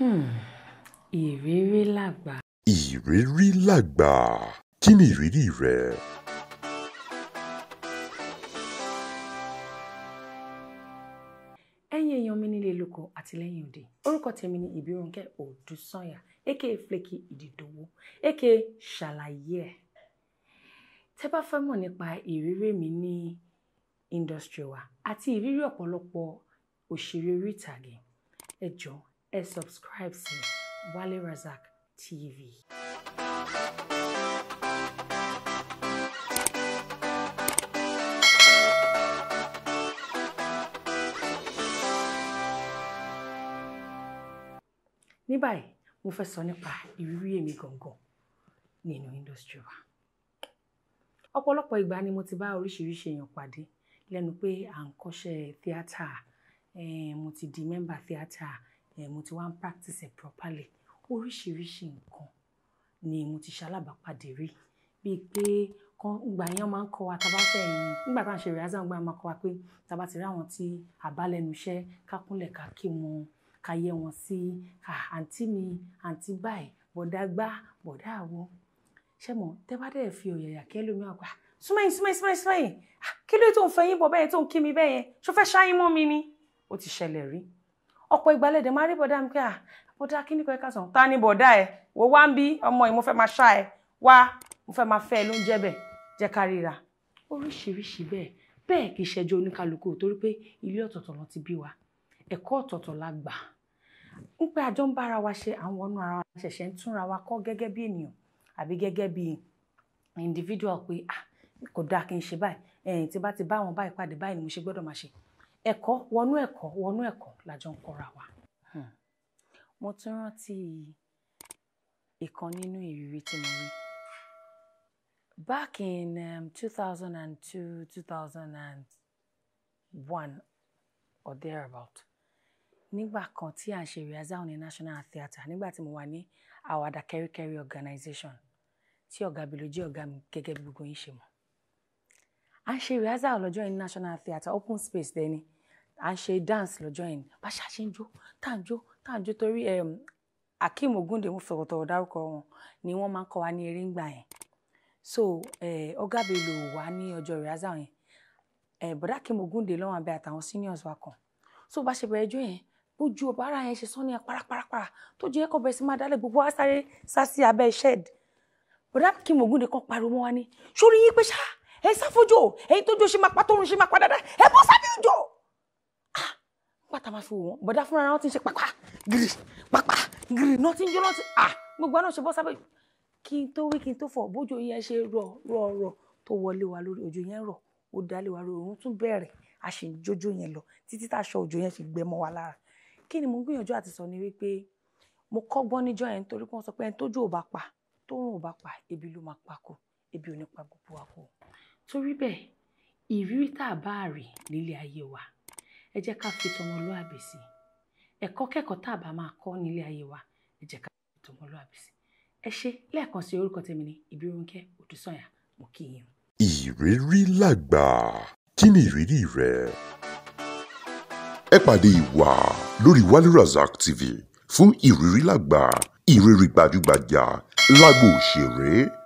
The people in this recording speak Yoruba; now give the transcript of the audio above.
um ìrírí làgbà. ìrírí làgbà kí ni ìrírí rẹ? ẹ̀yin èèyàn mi nílé lóko àtìlẹ́yìn òde orúkọ tèmi ni ìbírúnkẹ́ òdùsànyà aka flaky ìdìdòwò aka ṣàlàyé ẹ̀ tẹ́ bá fẹ́ mọ̀ nípa ìrírí mi ní industry wa àti ìrírí ọ̀pọ̀lọpọ̀ òṣèré orí ìtàgé ẹ jọ̀ọ́ ẹ subscribe to Wale Razak TV. ní báyìí mo fẹ́ sọ nípa ìrírí èmi gangan nínú industry wa ọ̀pọ̀lọpọ̀ ìgbà ni mo ti bá oríṣiríṣi èèyàn pàdé lẹ́nu pé à ń kọ́ṣẹ́ tíátà eh, mo ti di member theater. Eh, mo ti wá ń practice ẹ̀ properly oríṣiríṣi nǹkan ni mo ti ṣalábàápàdé rí bíi pé ìgbà yẹn máa ń kọ́ wa tábà fẹ́ yẹn nígbà tá à ń ṣe rìhásà ìgbà máa kọ́ wa pé tábà ti rí àwọn tí àbálẹ́nu iṣẹ́ ká kúnlẹ̀ ká kí wọn ká yẹ wọn sí àǹtí mi àǹtí báyìí bọ̀dá gbá bọ̀dá àwọ ṣẹ́mọ̀ tẹ́bàdẹ́ fi ọ̀yàyà kẹ́lómi àgbà súnmọ́yìn súnmọ́yìn súnmọ́yìn súnmọ́yìn kí ló tó ń fẹ́ yín bọ̀ bẹ́ẹ̀ tó ń kí mi bẹ́ẹ̀ yẹn ṣó ṣáyín mọ́ mi ni ó ti ṣẹlẹ̀ rí ọ̀pọ̀ ìgbà lẹ́dẹ̀ máa rí bọ̀dá mi pé ah bọ̀dá kí ni kò ká sàn ta ni bọ̀dá ẹ wo wá ń bí ọmọ yìí mo fẹ́ máa ṣá ẹ wá mo fẹ́ máa fẹ́ ẹ ló ń jẹ́ bẹ̀ jẹ́ ká ríra oríṣiríṣi bẹ́ẹ̀ bẹ́ẹ̀ kì í ṣẹjọ́ oníkálukú torí pé ilé ọ̀tọ̀ọ̀tọ̀ ló ti bí wa ẹ̀kọ́ ọ̀tọ̀ọ̀tọ̀ la gbà ń pé àjọ ń bára wa ṣe àwọn ọ̀nà ara wa ṣẹ̀ṣẹ̀ ń túnra wa kọ́ gẹ́gẹ́ bí ènìyàn àbí gẹ́gẹ́ bí individual pé ah kò dáa kí n ṣe báyìí ẹ̀yìn tí bá ti bá àwọn báyìí pàdé báyìí ni mo ṣe gbọ́dọ̀ máa ṣe ẹ̀kọ́ wọnú ẹ̀kọ́ wọnú ẹ̀kọ́ làjọ ń kọ́ra wa. Hmm. mo tún rántí ìkan nínú ìrírí tí mo rí back in um, 2002 2001 or thereabout nígbà kan tí à ń ṣe rehearsal ní national theatre nígbà tí mo wà ní àwàdà kẹ́ríkẹ́rí organization tí ọ̀gá mi ló jẹ́ ọ̀gá mi gẹ́gẹ́ bí gbogbo yín ṣe mọ̀ à ń ṣe rehearsal lọ́jọ́ ní national theatre open space dẹ́ni à ń ṣe dance lọ́jọ́ yẹn bá ṣe àṣẹ ń jó tá à ń jó tá à ń jó torí Akeem Ogunde mo fẹ̀rọ̀ tọ̀rọ̀ dárúkọ wọn ni wọ́n máa ń kọ́ wa ní eré ńgbà yẹn so ọ̀gá Bello wà ní ọjọ́ ìrázà yẹn bọ̀dá Akeem Ogunde lọ́wọ́ abẹ́ àtàwọn seniors wa kan so bá ṣe bẹ̀rẹ̀ jó yẹn bójú ọba ara yẹn ṣe sán ní apárápárápárá tó jẹ́ kó bẹ̀rẹ̀ sí máa dálẹ̀ gbogbo wa sáré sá sí abẹ́ shed bọ̀dá Akeem Ogunde kan pariwo mọ́ wa ní sórí yín pé ṣá ẹ sáfojò ẹyin tó jó ṣe máa pa tóorun ṣe máa pa dáadáa ẹ bọ́ sábẹ́ òjò tá a máa fi wò wọ́n bọ̀dá fúnra wọn ti ń ṣe pàpà gírì pàpà gírì náà ti ń jó náà ti à gbogbo àná ṣe bọ́ sábẹ́ kí n tó wí kí n tó fọ̀ bójú yẹn ṣe rọ̀ rọ̀ rọ̀ tó wọlé wa lórí òjò yẹn rọ̀ ó dálé wa lórí òun tún bẹ̀rẹ̀ a ṣe ń jójó yẹn lọ títí tá a ṣọ òjò yẹn fi gbẹ mọ́ wa lára kí ni mo ń gbìyànjú àti sọ ni wípé mo kọ́gbọ́n níjọ́ yẹn nítorí pé wọ́n sọ pé ẹni tójú ò bá pa tóun ò bá pa ebi ló máa pa kò ebi ò ní pa gbogbo wa kò torí bẹ́ẹ̀ ìrírí tá a bá rí nílé ayé wa ẹ jẹ́ ká fi tọmọlúàbí sí ẹ̀kọ́ kẹ́kọ̀ọ́ tá a bá máa kọ́ nílé ayé wa ẹ jẹ́ ká fi tọmọlúàbí sí ẹ ṣe lẹ́ẹ̀kan sí orúkọ tèmi ní Ìbírónkẹ́ Odùsànyà mo kí yín. ìrírí làgbà kí ni ìrírí rẹ ẹ pàdé ìwà lórí Wale TV fún ìrírí làgbà ìrírí gbajúgbajà lágbo òṣèré